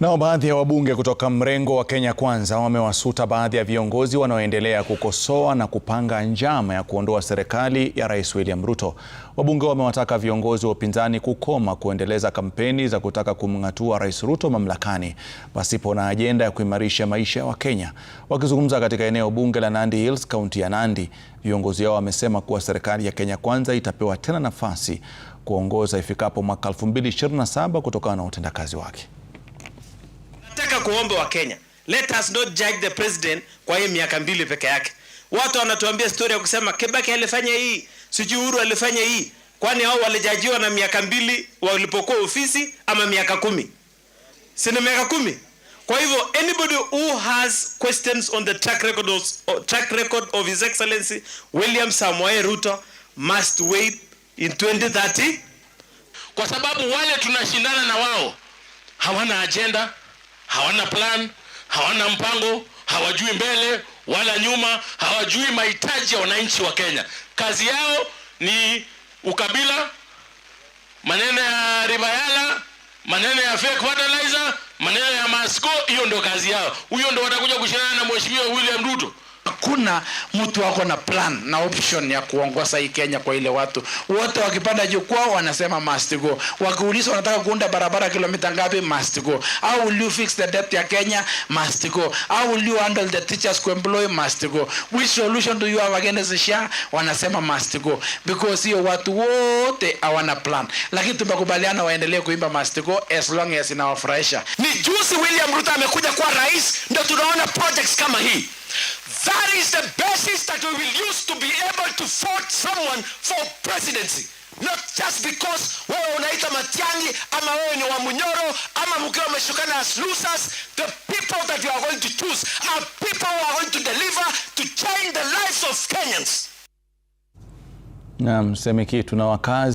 Nao baadhi ya wabunge kutoka mrengo wa Kenya Kwanza wamewasuta baadhi ya viongozi wanaoendelea kukosoa na kupanga njama ya kuondoa serikali ya Rais William Ruto. Wabunge wamewataka viongozi wa upinzani kukoma kuendeleza kampeni za kutaka kumng'atua Rais Ruto mamlakani pasipo na ajenda ya kuimarisha maisha ya Wakenya. Wakizungumza katika eneo bunge la Nandi Hills, kaunti ya Nandi, viongozi hao wamesema kuwa serikali ya Kenya Kwanza itapewa tena nafasi kuongoza ifikapo mwaka 2027 kutokana na utendakazi wake kuomba wa Kenya. Let us not judge the president kwa hii miaka mbili peke yake. Watu wanatuambia story ya kusema Kibaki alifanya hii, sijui Uhuru alifanya hii. Kwani hao walijajiwa na miaka mbili walipokuwa ofisi ama miaka kumi? Si ni miaka kumi? Kwa hivyo anybody who has questions on the track record of, oh, track record of His Excellency William Samoei Ruto must wait in 2030 kwa sababu wale tunashindana na wao hawana ajenda hawana plan, hawana mpango, hawajui mbele wala nyuma, hawajui mahitaji ya wananchi wa Kenya. Kazi yao ni ukabila, maneno ya ribayala, maneno ya fake fertilizer, maneno ya masko. Hiyo ndio kazi yao, huyo ndio watakuja kushindana na mheshimiwa William Ruto hakuna mtu wako na plan na option ya kuongoza hii Kenya kwa ile watu wote wakipanda juu kwao wanasema must go, wakiulizwa wanataka kuunda barabara kilomita ngapi? Must go. How will you fix the debt ya Kenya? Must go. How will you handle the teachers employ, Must go. Which solution do you have against the SHA? Wanasema must go because hiyo watu wote hawana plan, lakini tumekubaliana waendelee kuimba must go as long as inawafurahisha. Ni juzi William Ruto amekuja kwa rais, ndio tunaona projects kama hii the basis that we will use to be able to vote someone for presidency not just because wewe unaitwa Matiangi ama wewe ni wa ama mkiwa umeshukana as losers. The people that you are going to choose are people who are going to deliver to change the lives of Kenyans. Naam, Semeki, tuna wakazi